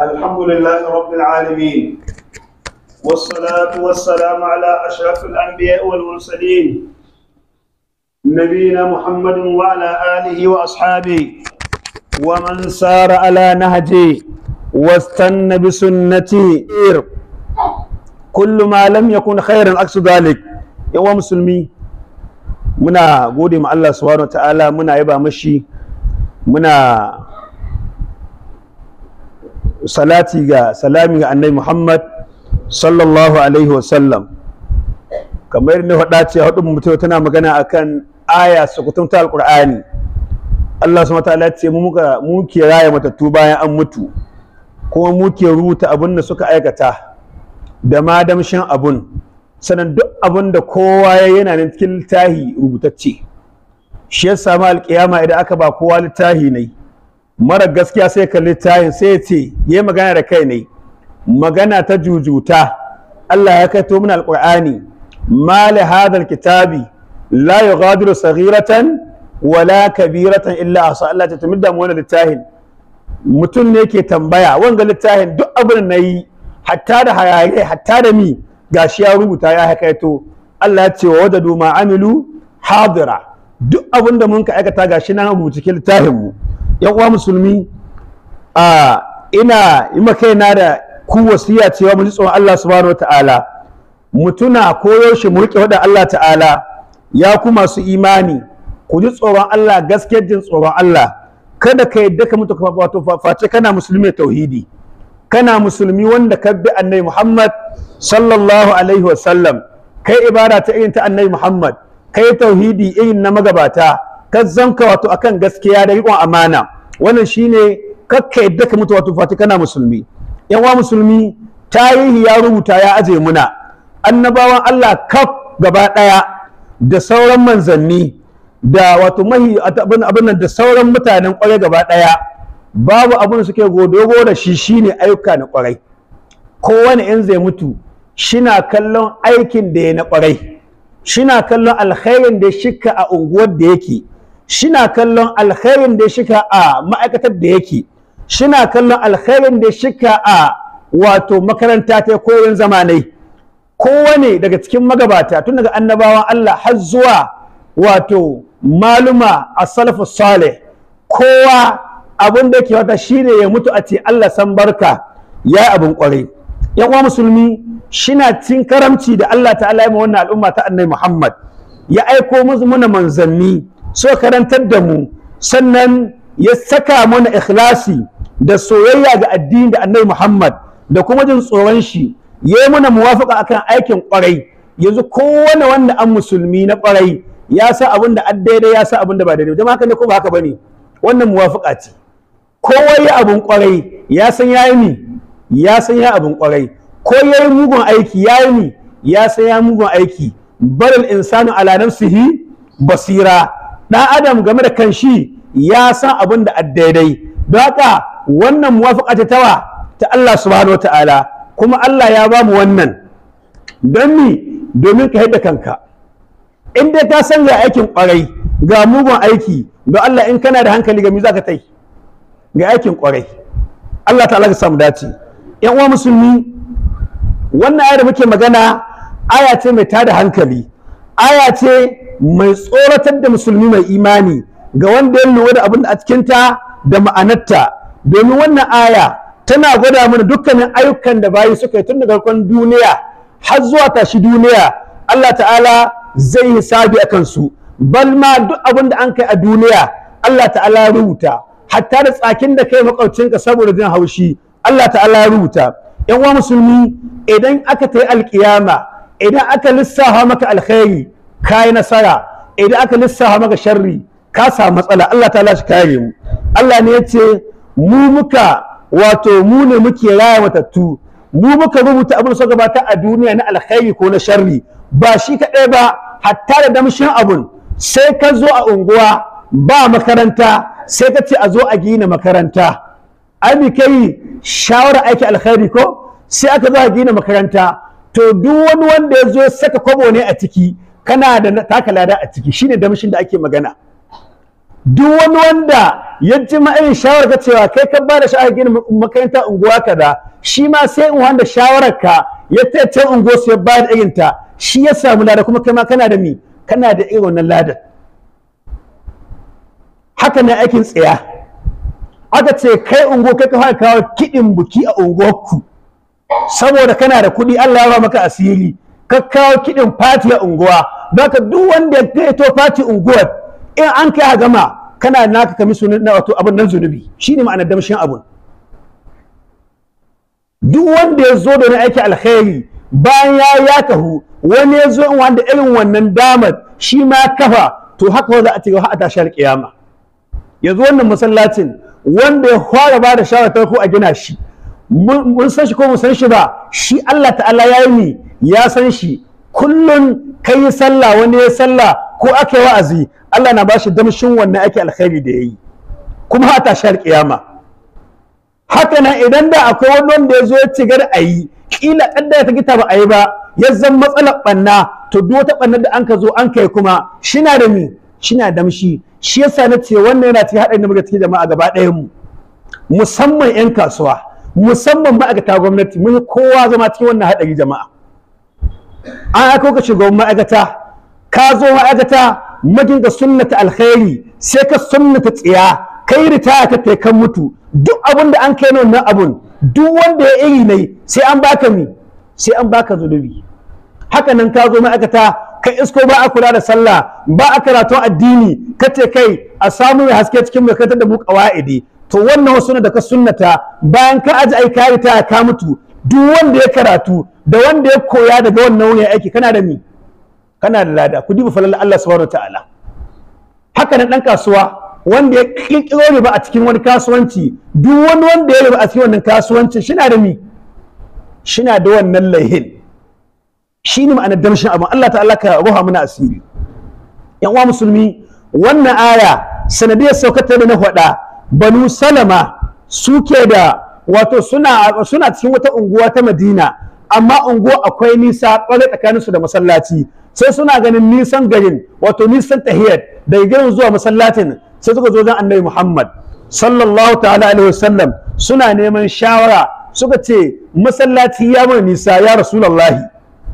الحمد لله رب العالمين والصلاة والسلام على أشرف الأنبياء والمرسلين نبينا محمد وعلى آله وأصحابه ومن سار على نهجه واستنى بسنتي كل ما لم يكن خيرا أقصد ذلك يا مسلمي منا gode مع الله سبحانه وتعالى منا يبقى مشي منا salati ga salami ga annabi Muhammad sallallahu alaihi wasallam kamar ne faɗa ce hudu mutum tana magana akan aya sukutun ta alqur'ani Allah subhanahu wataala ce mu muka mu ke raya matattu bayan an mutu kuma mu ke rubuta abin da suka aikata da ma damshin abun sanan duk abin da kowa ya yana nan cikin littahi rubutacce shi yasa ma alƙiyama idan aka ba kowa littahi ne mara gaskiya sai kalli tayin sai ya ce ya magana da kai ne magana ta jujuta Allah ya kaito min alqur'ani ma li hadal kitabi la yughadiru saghiratan wala kabiratan illa asa Allah ta tumidda mu wannan littafin mutum ne ke tambaya wanga littafin duk abin na yi hatta da hayaye hatta da mi gashi ya rubuta ya hakaito Allah ya ce wa wadadu ma amilu hadira duk abinda da mun ka aikata gashi na rubuta littafin mu uwa musulmi a ina yi kaina da ku wasiya cewa mu ji tsohon Allah subhanahu ta'ala. mu tuna koyaushe mu riƙe wadan Allah ta'ala ya ku masu imani ku ji tsoron Allah gaskiyar jin tsoron Allah kada ka yadda ka mutu wato face kana musulmi tauhidi kana musulmi wanda ka bi annabi Muhammad sallallahu alaihi wa sallam kai ibada ta irin ta annabi Muhammad kai tauhidi irin na magabata ka wato akan gaskiya da riƙon amana wannan shine kakka yadda ka mutu wato fati kana musulmi yan wa musulmi tarihi ya rubuta ya aje muna annabawan Allah kaf gaba ɗaya da sauran manzanni da wato mahi abin abin da sauran mutanen ƙwarai gaba ɗaya babu abin da suke godogo da shi shine ayyuka na ƙwarai kowane in zai mutu shina kallon aikin da ya na ƙwarai shina kallon alkhairin da shika a unguwar da yake shina kallon alkhairin da shika a ma'aikatar da yake shina kallon alkhairin da shika a wato makaranta ta koyon zamanai kowane daga cikin magabata tun daga annabawan Allah har zuwa wato maluma a salafu salih kowa abin da ke wata shine ya mutu a ce Allah san barka ya abin kwarai yan uwa musulmi shina cin karamci da Allah ta'ala ya wannan al'umma ta annabi Muhammad ya aiko musu muna manzanni so karantar da mu sannan ya saka mana ikhlasi da soyayya ga addini da annabi Muhammad da kuma jin tsoron shi ya yi mana muwafaka akan aikin kwarai yanzu kowane wanda an musulmi na kwarai ya sa abin da an daidai ya sa abin da ba daidai jama'a haka ne ko ba haka bane wannan muwafaka ce kowa ya abin kwarai ya san ya yi ni ya san ya abin kwarai ko ya yi mugun aiki ya yi ni ya san ya mugun aiki barin insanu ala nafsihi basira ɗan adam game da kanshi ya san abin da addaidai don haka wannan muwafaka ta tawa ta Allah subhanahu ta'ala, kuma Allah ya ba mu wannan don mi domin ka haɗa kanka in dai ka san ga aikin kwarai ga mugun aiki don Allah in kana da hankali ga mi za ka tai ga aikin kwarai Allah ta'ala ka samu dace yan uwa musulmi wannan aya da muke magana aya ce mai tada hankali aya ce mai tsoratar da musulmi mai imani ga wanda ya lura da abin da a cikinta da ma'anarta domin wannan aya tana gwada mana dukkanin ayyukan da bayi suka yi tun daga farkon duniya har zuwa tashi duniya Allah ta'ala zai hisabi a kansu bal ma duk abin da an kai a duniya Allah ta'ala rubuta hatta da tsakin da kai makwabcinka saboda jin haushi Allah ta'ala rubuta yan uwa musulmi idan aka ta yi alkiyama idan aka lissafa maka alkhairi ka yi nasara idan aka lissafa maka sharri ka samu matsala Allah ta lashi kare mu Allah ne ya ce mu muka wato mu ne muke raya matattu mu muka rubuta abin so gabata a duniya na alkhairi ko na sharri ba shi kaɗai ba hatta da damshin abun sai ka zo a unguwa ba makaranta sai ka ce a zo a gina makaranta ai kai shawara aiki alkhairi ko sai aka zo a gina makaranta to duk wani wanda ya zo saka kwabo ne a ciki kana da taka lada a ciki shine damshin da ake magana duk wani wanda ya ji irin shawarar ka cewa kai ka ba da ginin gina makaranta unguwa da shi ma sai in wanda shawarar ka ya ta unguwa su ya ba da irin ta shi ya samu lada kuma kai ma kana da mi kana da irin wannan ladan haka ne aikin tsaya aka ce kai unguwa kai ka fara kawo kiɗin buki a unguwarku saboda kana da kuɗi Allah ya ba maka asiri kakkawo kiɗin fati a unguwa baka duk wanda ya to fati unguwar in an kai gama kana naka kami sunan na wato abin nan zunubi ne ma'anar damshin abun duk wanda ya zo da na aiki alkhairi bayan ya ya kahu wani ya zo in wanda irin wannan damar shi ma kafa to haka wanda a cikin haɗa a tashar kiyama yanzu wannan masallacin wanda ya fara ba da shawarar ko a gina shi mun san shi ko mun san shi ba shi Allah ta'ala ya yi ni. ya san shi kullum kai yi sallah wani ya sallah ko aka yi wa'azi Allah na bashi damshin wannan ake alkhairi da yayi kuma hata shar kiyama haka nan idan da akwai wani wanda ya zo ya ci gar ayi kila kadda ta gita ba yi ba ya zan matsalar banna to duk wata bannar da anka zo an kai kuma shina da mi shina damshi shi yasa na ce wannan yana cikin haɗari da muka cikin jama'a gaba ɗayan mu musamman 'yan kasuwa musamman ma'aikata gwamnati mun kowa zama cikin wannan haɗari jama'a an aiko ka shiga ma'aikata ka zo ma'aikata da sunnata alkhairi sai ka sunnata tsiya kai ritaya ka ta kan mutu duk abin da an kai na wannan abun duk wanda ya iri ne sai an baka mi sai an baka zunubi haka nan ka zo ma'aikata ka isko ba a kula da sallah ba a karatun addini ka ce kai a samu mai haske cikin mai da mu qawaidi to wannan wasu da ka sunnata bayan ka aji ai kari ta ka mutu duk wanda ya karatu da wanda ya koya daga wannan wurin aiki kana da mi kana da lada ku duba falalla Allah subhanahu ta'ala haka nan dan kasuwa wanda ya kirkiro ba a cikin wani kasuwanci duk wani wanda ya riba a cikin wannan kasuwanci shina da mi shina da wannan lahin shi ne ma'anar damshin abin Allah ta'ala ka ruha muna asiri yan uwa musulmi wannan aya sanadiyar saukata da na faɗa banu salama suke da wato suna suna cikin wata unguwa ta madina amma unguwa akwai nisa ƙwarai tsakanin su da masallaci sai suna ganin nisan garin wato nisan tahiyar da garin zuwa masallacin sai suka zo wajen annabi Muhammad sallallahu ta'ala alaihi wasallam suna neman shawara suka ce masallaci ya mana nisa ya rasulullahi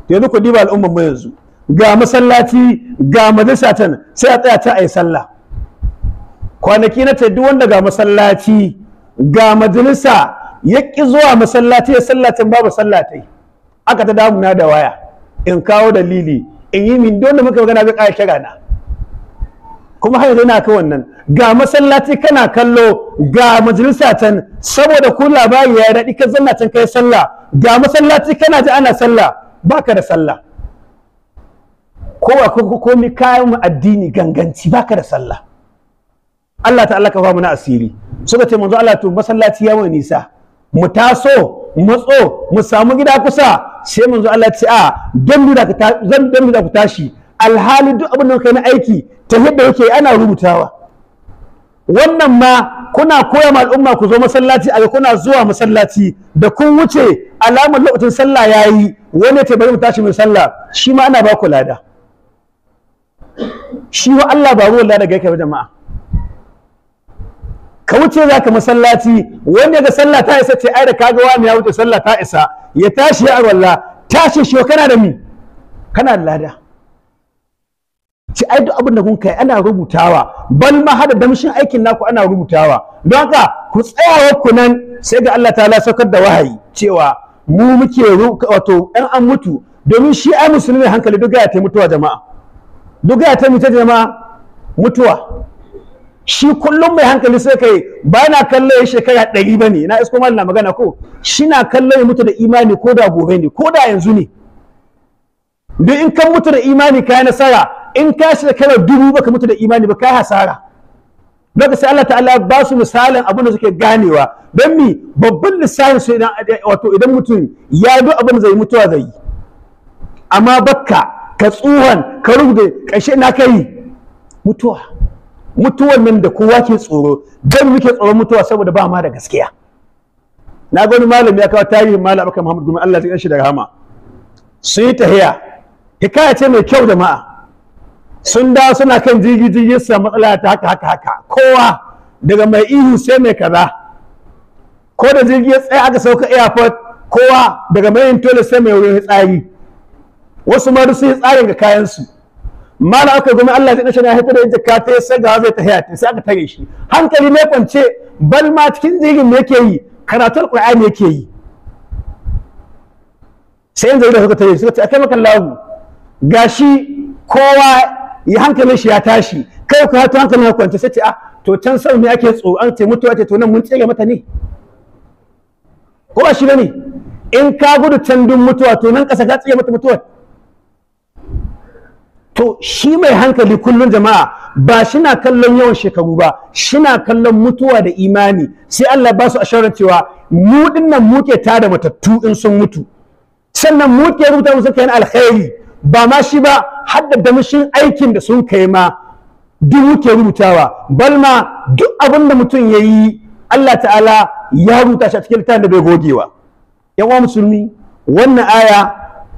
yanzu ku diba al'umman mu yanzu ga masallaci ga majalisa can sai a tsaya ta ayi sallah kwanaki na ce duk wanda ga masallaci ga majalisa ya ƙi zuwa masallaci ya sallacin babu sallatai aka ta damuna da waya in kawo dalili in yi min don da muka magana bai ƙara kira na kuma har yanzu ina kan wannan ga masallaci kana kallo ga majalisa can saboda ku labari ya daɗi ka zanna can kai sallah ga masallaci kana ji ana sallah baka da sallah ko ba komi kayan mu addini ganganci baka da sallah Allah Ta Allah ka famu na asiri suka ce manzo Allah to masallaci ya nisa mu taso mu tso mu samu gida kusa sai manzo Allah ya ce a dan bi da zan dan bi da ku tashi alhali duk abin da kai na aiki ta yadda yake ana rubutawa wannan ma kuna koya ma al'umma ku zo masallaci a kuna zuwa masallaci da kun wuce alamar lokacin sallah yayi wani ta bari mu tashi mai sallah shi ma ana ba ku lada shi wa Allah ba ruwan lada ga yake jama'a ka wuce zaka masallaci wanda ga sallah ta isa ce ai da kaga wani ya wuce sallah ta isa ya tashi ya arwalla tashi shi kana da mi kana da lada ci ai duk abin da kun kai ana rubutawa bal ma hada damshin aikin naku ana rubutawa don haka ku tsaya ku nan sai ga Allah ta'ala saukar da wahayi cewa mu muke wato ɗan an mutu domin shi ai musulmi hankali duk ya mutuwa jama'a duk ta mutuwa jama'a mutuwa shi kullum mai hankali sai kai ba na kallo ya shekara ɗari ba ne na isko na magana ko shi na kallo ya mutu da imani ko da gobe ne ko da yanzu ne duk in kan mutu da imani ka yi nasara in ka shekara dubu ba ka mutu da imani ba ka yi hasara don sai Allah ta'ala ba su misalin abin da suke ganewa don mi babban lissafin su idan wato idan mutum ya bi abin zai mutuwa zai yi amma bakka ka tsuhan ka rubuta ƙarshe na kai mutuwa mutuwan nan da kowa ke tsoro don muke tsoron mutuwa saboda ba ma da gaskiya na gani malam ya kawo tarihin malam akan muhammad gumi allah ya shi da rahama sun yi tahiya hikaya ce mai kyau jama'a sun da suna kan jirgi jirgi su matsala ta haka haka haka kowa daga mai ihu sai mai kaza ko da jirgi ya tsaya aka sauka airport kowa daga mai yin tole sai mai wurin tsari wasu ma sun yi tsarin ga kayansu mala aka gumi Allah zai dace na haifar da jaka ta ga zai ta hayati sai aka tare shi hankali ne kwance bal ma cikin zirin me yake yi karatun qur'ani yake yi sai yanzu da suka tare suka ce akai maka lahu gashi kowa ya hankalin shi ya tashi kai ku ta hankalin ya kwance sai ce ah to can sau me ake tso an ce mutuwa ce to nan mun tsere mata ne ko ba shi bane in ka gudu can dun mutuwa to nan kasa ka tsere mata mutuwa to shi mai hankali kullum jama'a ba shina kallon yawan shekaru ba shina kallon mutuwa da imani sai Allah ba su asharar cewa mu dinnan muke tada matattu in sun mutu sannan muke rubuta musu kayan alkhairi ba ma shi ba haddada mushin aikin da sun kai ma duk muke rubutawa balma duk abin da mutum ya yi Allah ta'ala ya rubuta shi a cikin littafin da bai gogewa yawa musulmi wannan aya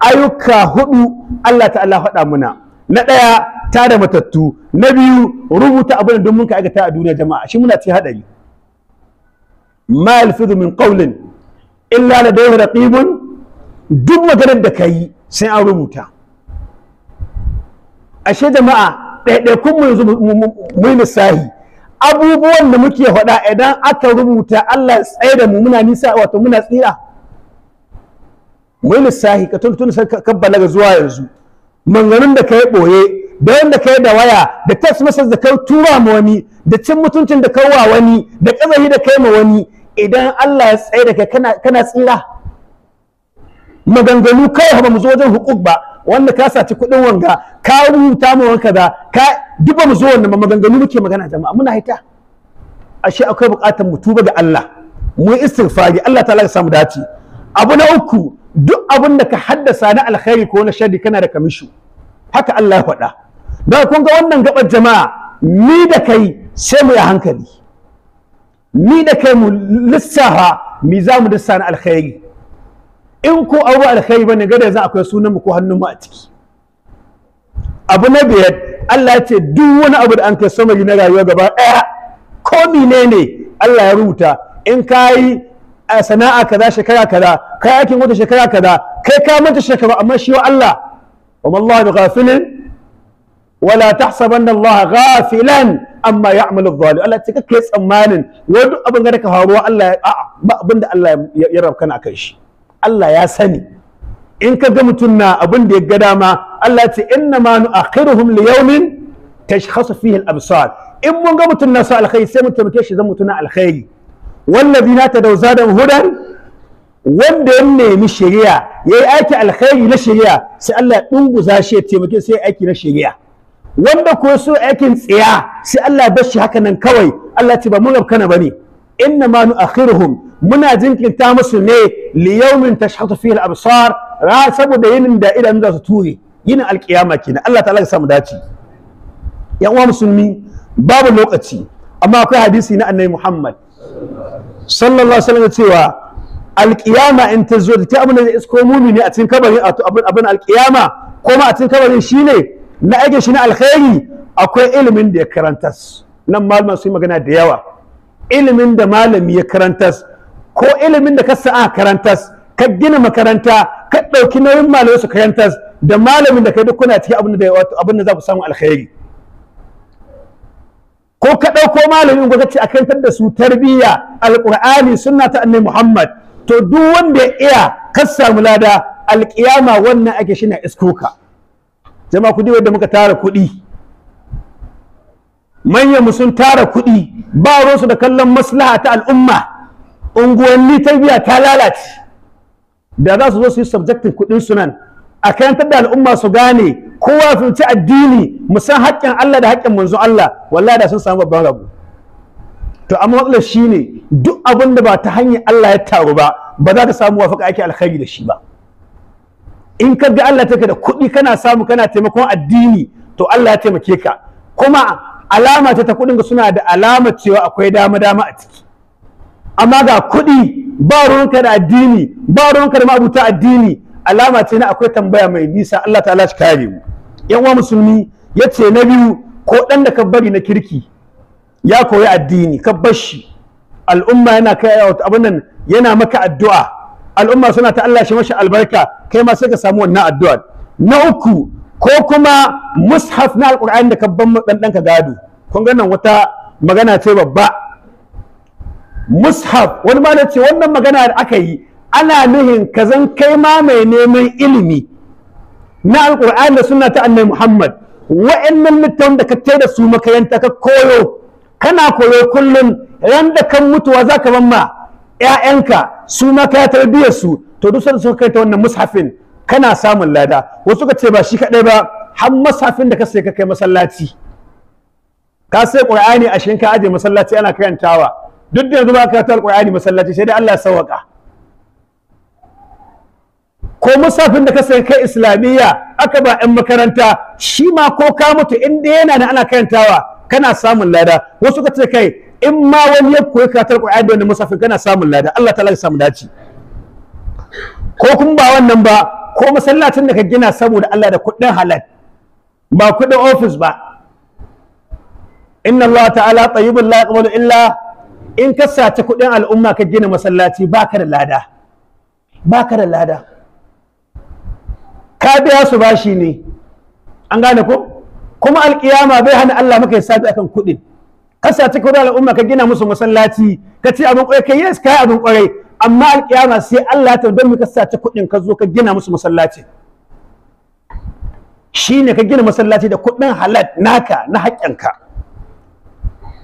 ayyuka hudu Allah ta'ala faɗa muna na ɗaya da matattu na biyu rubuta abin da mun ka aikata a duniya jama'a shi muna ci haɗari ma alfidu min qawlin illa ladayhi raqibun duk maganar da ka sai an rubuta ashe jama'a kun mu yanzu mu yi misali abubuwan da muke faɗa idan aka rubuta Allah tsaye da mu muna nisa wato muna tsira mu yi lissahi ka tuntun sai ka balaga zuwa yanzu manganun da ka yi ɓoye da wanda ka da waya da text message da ka tura ma wani da cin mutuncin da wa wani da ƙazahi da kai ma wani idan Allah ya tsaye da kai kana tsira maganganu kawai ba mu zo wajen hukuk ba wanda ka saci kuɗin wanga ka rubuta ma wanka da ka duk mu zo wannan maganganu muke magana jama'a muna haita ashe akwai buƙatar mu tuba ga Allah mu istighfari Allah ta ya samu dace abu na uku duk abin da ka haddasa na alkhairi ko na shari kana da kamishu haka Allah ya faɗa da kun ga wannan gabar jama'a ni da kai sai mu yi hankali ni da kai mu lissafa mi za mu lissa na alkhairi in ko abu alkhairi bane gada za akwai sunan mu ko hannun mu a ciki abu na biyar Allah ya ce duk wani abu da an kai samari na rayuwa gaba ɗaya ko menene Allah ya rubuta in ka yi a sana'a kaza shekara kaza kai aikin wata shekara kaza kai ka manta shekaru amma shi wa Allah wa mallahu bi ghafilin wala tahsabanna Allah ghafilan amma ya'malu dhalim Allah ce kake tsammanin wani abin da ka faruwa Allah ya a'a ba abin da Allah ya rabkana akan shi Allah ya sani in ka ga mutum na abin da ya ga dama Allah ce inna ma nu'akhiruhum li yawmin tashkhasu fihi al-absar in mun ga mutum na sa alkhairi sai mu taimake shi zan mutuna alkhairi wallazina da zadahum hudan wanda ya nemi shari'a yi aiki alkhairi na shari'a sai Allah ya dunguza shi ya taimake sai aiki na shari'a wanda ko so aikin tsiya sai Allah ya bashi haka nan kawai Allah ce ba mun rabkana bane inna ma nu'akhiruhum muna jinkirta musu ne li yawmin tashhatu fihi al-absar ra saboda yinin da idan za su ture yinin alkiyama kenan Allah ta'ala ya samu dace yan uwa musulmi babu lokaci amma akwai hadisi na annabi Muhammad sallallahu alaihi wasallam cewa alkiyama in ta zo da ta abin da zai isko mumini a cikin kabarin abin abin alkiyama kuma a cikin kabarin shine na aike shi na alkhairi akwai ilimin da ya karantas nan malaman su yi magana da yawa ilimin da malami ya karantas ko ilimin da ka sa'a karantas ka gina makaranta ka ɗauki nauyin malamai su karantas da malamin da kai duk kuna cikin abin da za ku samu alkhairi ko ka ɗauko malamin gwaza ce a kantar da su tarbiyya alƙur'ani sunna ta annabi Muhammad to duk wanda ya iya kassa samu lada alƙiyama wannan ake shi na iskoka jama kudi wanda muka tara kuɗi manyan sun tara kuɗi ba ruwansu da kallon maslaha ta al'umma unguwanni tarbiyya ta lalace da za su zo su yi subjective kuɗin sunan a kayantar da al'umma su gane kowa ci addini mu san haƙƙin Allah da haƙƙin manzon Allah wallahi da sun samu babban rabo to amma matsalar shine duk abin da ba ta hanyar Allah ya taru ba ba za ka samu wafaka ake alkhairi da shi ba in ka ga Allah take da kuɗi kana samu kana taimakon addini to Allah ya taimake ka kuma alama ta ta kuɗin ga suna da alama cewa akwai dama dama a ciki amma ga kuɗi ba ruwanka da addini ba ruwanka da ta addini alama ce na akwai tambaya mai nisa Allah ta'ala shi kare mu yan musulmi ya ce na biyu ko ɗan da ka na kirki ya koyi addini ka al'umma yana kai abin nan yana maka addu'a al'umma suna ta Allah shi mashi albarka kai ma sai ka samu wannan addu'a na uku ko kuma mushaf na alqur'ani da kabban bar dan ka gado kun ga nan wata magana ce babba mushaf wani ma ce wannan magana da aka yi ana nuhin kazan kai ma mai neman ilimi na alqur'ani da suna ta annai muhammad wa'annan littafin da ka tai da su makaranta ka koyo kana koyo kullum ran da kan mutuwa za ka ma ‘ya'yanka su ma ka su to duk sun suka kai ta wannan mushafin kana samun lada wasu ka ce ba shi kaɗai ba har mushafin da ka sai ka kai masallaci ka sai ƙur'ani a ka aje masallaci ana karantawa duk da yanzu ba ka ta qur'ani masallaci sai dai Allah ya sawaka ko musafin da ka sai kai islamiyya aka ba 'yan makaranta shi ma ko ka mutu inda yana da ana karantawa kana samun lada wasu ka ce kai in ma wani ya koyi karatar ko da wani musafin kana samun lada Allah ta'ala ya samu dace ko kuma ba wannan ba ko masallacin da ka gina saboda Allah da kuɗin halal ba kuɗin ofis ba inna Allah ta'ala tayyibul la yaqbalu illa in ka sace kuɗin al'umma ka gina masallaci baka da lada baka da lada ka biya su shi ne an gane ko kuma alkiyama bai hana Allah maka sabi akan kuɗin kasa ta kura al'umma ka gina musu masallaci ka ce abin kwarai ka yes ka abin kwarai amma alkiyama sai Allah ta don ka ta kuɗin ka zo ka gina musu masallaci shi ne ka gina masallaci da kuɗin halal naka na haƙƙinka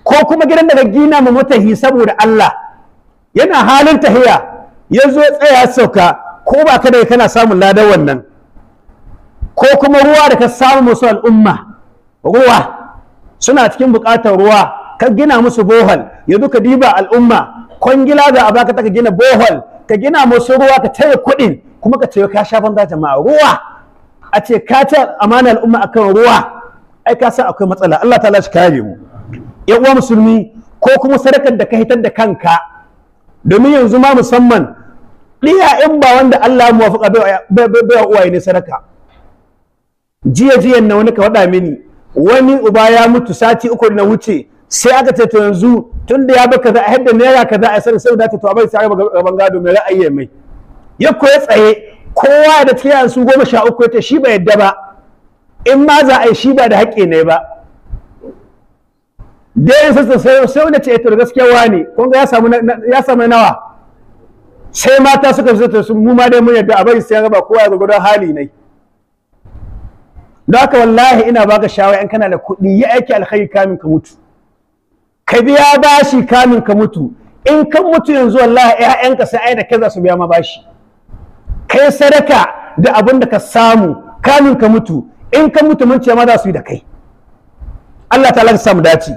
ko kuma gidan da ka gina ma matahi saboda Allah yana halin tahiya ya zo tsaya sauka ko ba ka da kana samun ladan wannan ko kuma ruwa da ka samu musu al'umma ruwa suna cikin buƙatar ruwa ka gina musu bohol yanzu ka diba al'umma kwangila da a baka ta ka gina bohol ka gina musu ruwa ka taya kuɗin kuma ka ce ka shafan banza jama'a ruwa a ce ka ta amana al'umma akan ruwa ai ka san akwai matsala Allah ta'ala shi kare mu yan uwa musulmi ko kuma sadakar da ka hitar da kanka domin yanzu ma musamman ɗiya in ba wanda Allah ya muwafaqa bai wa uwaye ne sadaka jiya jiya na wani ka faɗa mini wani uba ya mutu sati uku na wuce sai aka ce to yanzu tun da ya ba kaza a hadda naira kaza a sanin sai da to abai sai gaban gado mai ra'ayi mai ya koya tsaye kowa da tiyan su goma sha uku ta shi ba yadda ba in ma za a yi shi ba da haƙƙi ne ba da ya sassa sai sai wanda ce eh, to gaskiya wani kun ga ya samu ya nawa sai mata suka fito su mu ma dai mun yadda abai sai ya raba kowa ya gurgurdan hali ne don haka wallahi ina baka shawara in kana da kuɗi ya aiki alkhairi kamin ka mutu ka biya bashi kamin ka mutu in kan mutu yanzu wallahi ƴaƴanka sai ai da kai za su biya ma bashi kai sadaka da abin da ka samu kamin ka mutu in kan mutu mun ce ma za su yi da kai Allah Ta ka samu dace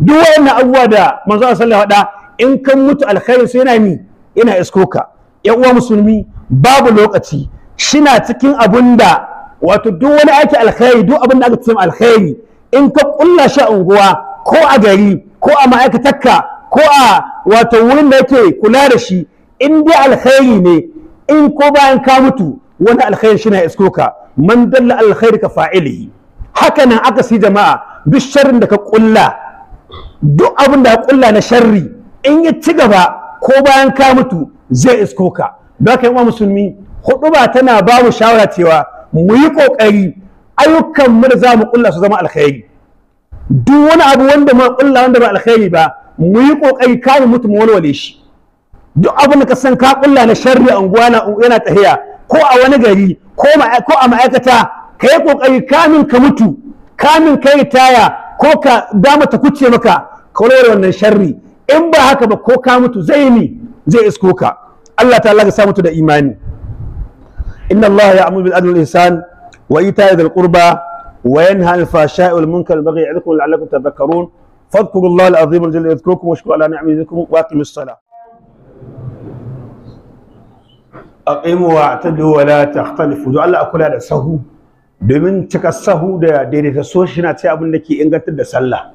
duk wannan abubuwa da manzo sallallahu alaihi in kan mutu alkhairi sai yana ni, ina iskoka ƴan uwa musulmi babu lokaci shina cikin abin da wato duk wani aiki alkhairi duk abin da aka ce alkhairi in ka kulla shi a unguwa ko a gari ko a ma'aikatarka ko a wato wurin da yake kula da shi in dai alkhairi ne in ko bayan ka mutu wani alkhairi shi na isko ka man dalla alkhairi ka fa'ilihi haka nan aka si jama'a duk sharrin da ka kulla duk abin da ka kulla na sharri in ya ci gaba ko bayan ka mutu zai isko ka don haka yan musulmi hudu ba tana ba mu shawara cewa mu yi ƙoƙari ayyukan mu da za mu ƙulla su zama alkhairi duk wani abu wanda ma ƙulla wanda ba alkhairi ba mu yi ƙoƙari kare mutum wale shi duk abin da ka san ka ƙulla na sharri unguwa yana tahiya ko a wani gari ko a ma'aikata ka yi ƙoƙari kamin ka mutu kamin ka yi taya ko ka dama ta kuce maka ka warware wannan sharri in ba haka ba ko ka mutu zai ni zai isko ka Allah ta Allah ka sa mutu da imani inna Allah ya'muru bil adli wal ihsan wa ita'i dhil qurba wa yanha 'anil fahsha'i wal munkari wal baghi ya'idhukum la'allakum tadhakkarun fadhkuru Allah al-azim al-jalil yadhkurkum washkuru ala ni'amihi yadhkurkum wa aqimus salah aqimu wa ta'tadu wa la takhtalifu do Allah akula da sahu domin cika sahu da daidaita so shi na ce abin da ke ingantar da sallah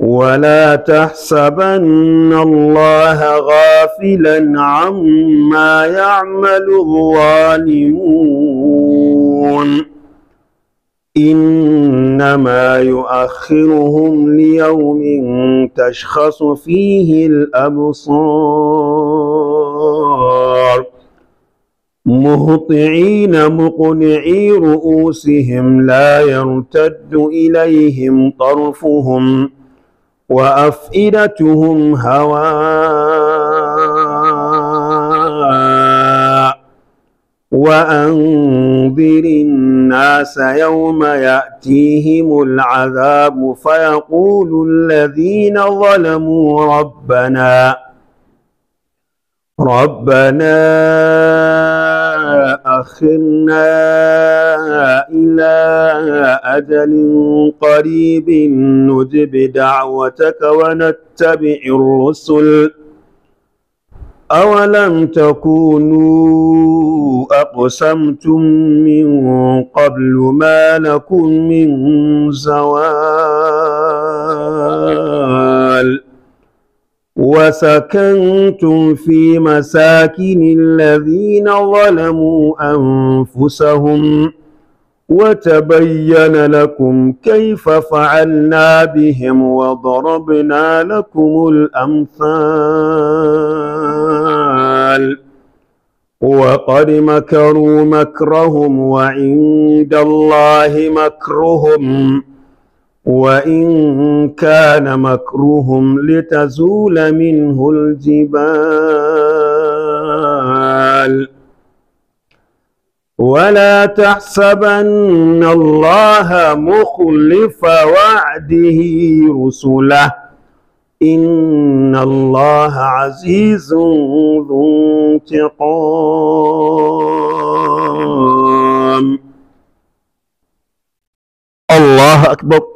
ولا تحسبن الله غافلا عما يعمل الظالمون إنما يؤخرهم ليوم تشخص فيه الأبصار مهطعين مقنعي رؤوسهم لا يرتد إليهم طرفهم وأفئدتهم هواء وأنذر الناس يوم يأتيهم العذاب فيقول الذين ظلموا ربنا ربنا أخرنا إلى أجل قريب نجب دعوتك ونتبع الرسل أولم تكونوا أقسمتم من قبل ما لكم من زوال وسكنتم في مساكن الذين ظلموا أنفسهم وتبين لكم كيف فعلنا بهم وضربنا لكم الأمثال وقد مكروا مكرهم وعند الله مكرهم وإن كان مكرهم لتزول منه الجبال ولا تحسبن الله مخلف وعده رسله إن الله عزيز ذو انتقام الله أكبر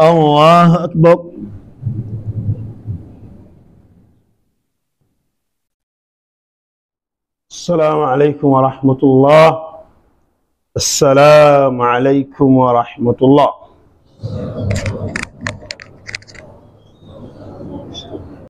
الله أكبر السلام عليكم ورحمة الله السلام عليكم ورحمة الله